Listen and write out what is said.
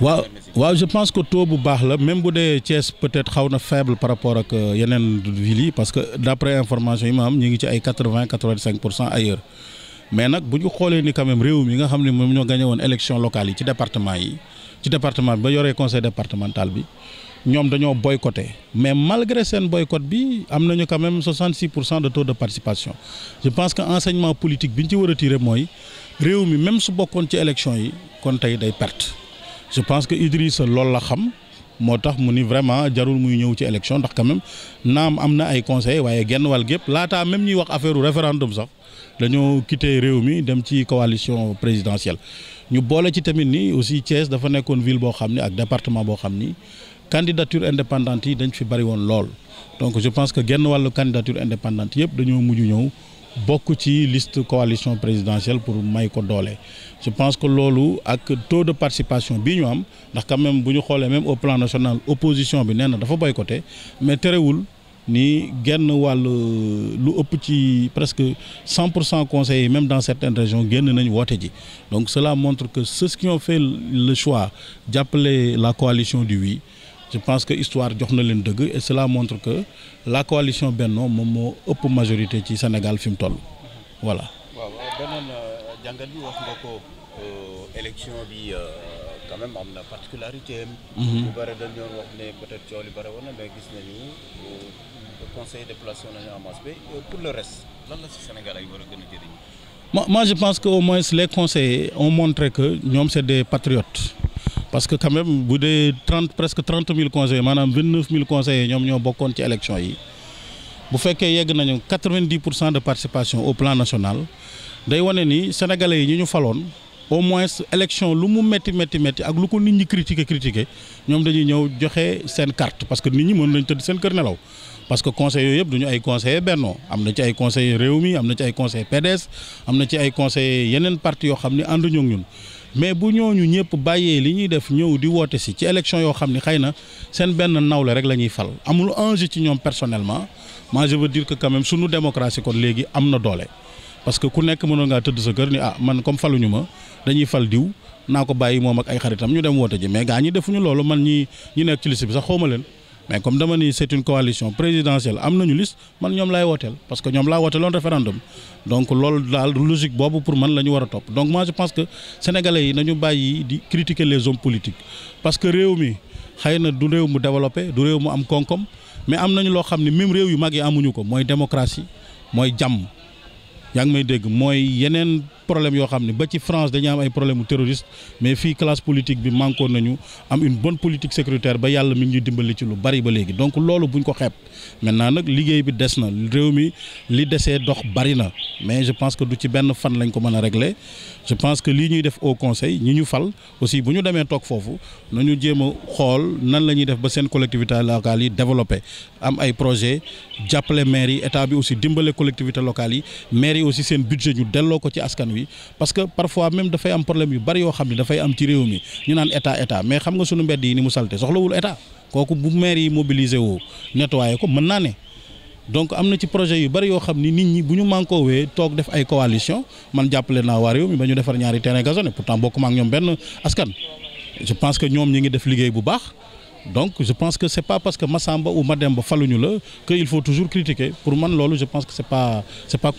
waaw waaw je pense que taux bu baax la même bu dee Thiès peut-être xaw na faible par rapport ak euh, yeneen villes yi parce que d'après information yi ma am ñu ngi ci ay quatre-vingt quatre-vingt-cinq pour cent ailleurs mais nag bu ñu xoolee ni quand même réew mi nga xam ne moom ñoo gagné woon élection locale yi ci département yi ci département bi ba yoree conseil départemental bi ñoom dañoo boycotté mais malgré seen boycott bi am nañu quand même 66 pour cent de taux de participation je pense que enseignement politique bi ñu ci war a tiré mi même su bokkoon ci élection yi kon tey day perte. je pense que Idrissa loolu la xam moo tax mu ni vraiment jarul muy ñëw ci élection ndax quand même naam am na ay conseillers waaye genn wàll gépp laataa même ñuy wax affaire référendum sax dañoo quitté réew mi dem ci coalition présidentielle. ñu boole ci tamit ni aussi Thiès dafa nekkoon ville boo xam ne ak département boo xam ni candidature indépendante yi dañ fi bari woon lool donc je pense que genn wàllu candidature indépendante yëpp dañoo mujj ñëw. bokk ci liste coalition présidentielle pour may ko doole je pense que loolu ak taux de participation bi ñu am ndax quand même bu ñu xoolee même au plan national opposition bi nee na dafa boycotté mais terewul ni genn wàll lu ëpp ci presque cent pour cent conseillers même dans certaines régions génn nañu woote ji donc cela montre que ceux qui ont fait le choix jàppale la coalition du oui je pense que histoire jox na leen dëgg et cela montre que la coalition Benno moom moo ëpp majorité ci Sénégal fi mu toll voilà. waaw beneen euh, jàngat bi wax nga ko euh, élection bi euh, quand même am na particularité am. Mhm. bu bëri dañ doon wax ne peut-être coow li bëri woon na mais gis nañu conseil déplacé nañu en masse pour le reste lan la si Sénégal ay war a gën a jëriñ. moi je pense que au moins les conseillers ont montré que ñoom c'est des patriotes. parce que quand même bu dee trente presque trente mille conseillers maanaam vingt neuf mille conseillers ñoom ñoo bokkoon ci élection yi bu fekkee yegg nañu quatre vingt dix pour cent de participation au plan national day wane ni sénégalais yi ñu ñu faloon au moins élection lu mu métti métti métti ak lu ko nit ñi critiquer critiquer ñoom dañuy ñëw joxe seen carte parce que nit ñi mën nañ tëdd seen kër nelaw parce que conseils yooyu yëpp duñu ay conseillers Benno am na ci ay conseillers am na ci ay conseillers PDS am na ci ay conseillers yeneen parti yoo xam ne ànduñu ak ñun. mais bu ñooñu ñëpp bàyyee li ñuy def ñëw di woote si ci élection yoo xam ni xay na seen benn nawle rek la ñuy fal amul enjeu ci ñoom personnellement moi je veux dire que quand même sunu démocratie kon léegi am na doole. parce que ku nekk mënoon ngaa tëdd sa kër ni ah man comme faluñu ma dañuy fal diw naa ko bàyyi moom ak ay xaritam ñu dem woote ji mais gaa ñi defuñu loolu man ñi ñi nekk ci liste bi sax xawma leen. mais comme dama ni c'est une coalition présidentielle am nañu liste man ñoom laay wooteel parce que ñoom laa wooteeloon référendum donc loolu daal logique boobu pour man la ñu war a topp donc moi je pense que sénégalais yi nañu bàyyi di critiquer les hommes politiques parce que réew mi xëy na du réew mu développé du réew mu am koom mais am nañu loo xam ne même réew yu mag yi amuñu ko mooy démocratie mooy jàmm yaa ngi may dégg mooy yeneen. problème yoo xam ne ba ci France dañu am ay problème mu terroriste mais fii classe politique bi manqué nañu am une bonne politique sécuritaire ba yàlla mi ñuy dimbali ci lu bari ba léegi donc loolu buñ ko xeeb maintenant nag liggéey bi des na réew mi li desee dox bari na mais je pense que du ci benn fan lañ ko mën a régler je pense que lii ñuy def au conseil ñi ñu fal aussi bu ñu demee toog foofu nañu jéem a xool nan la ñuy def ba seen collectivité locale yi développé am ay projet jàppale maire yi état bi aussi dimbale collectivité locale yi maire yi aussi bi parce que parfois même dafay am problème yu bari yoo xam ne dafay am ci réew mi ñu naan état état mais xam nga sunu mbedd yi ni mu salte soxlawul état kooku bu maire yi mobiliser woo nettoyer ko mën naa ne donc am na ci projet yu bari yoo xam ni nit ñi bu ñu mànkoowee toog def ay coalition man jàppale naa waa réew mi ba ñu defar ñaari terrain gazonné pourtant bokk ma ak ñoom benn askan je pense que ñoom ñu ngi def liggéey bu baax donc je pense que c'est pas parce que Massamba ou Mademba faluñu la que pour man loolu je pense que c'est pas c'est pas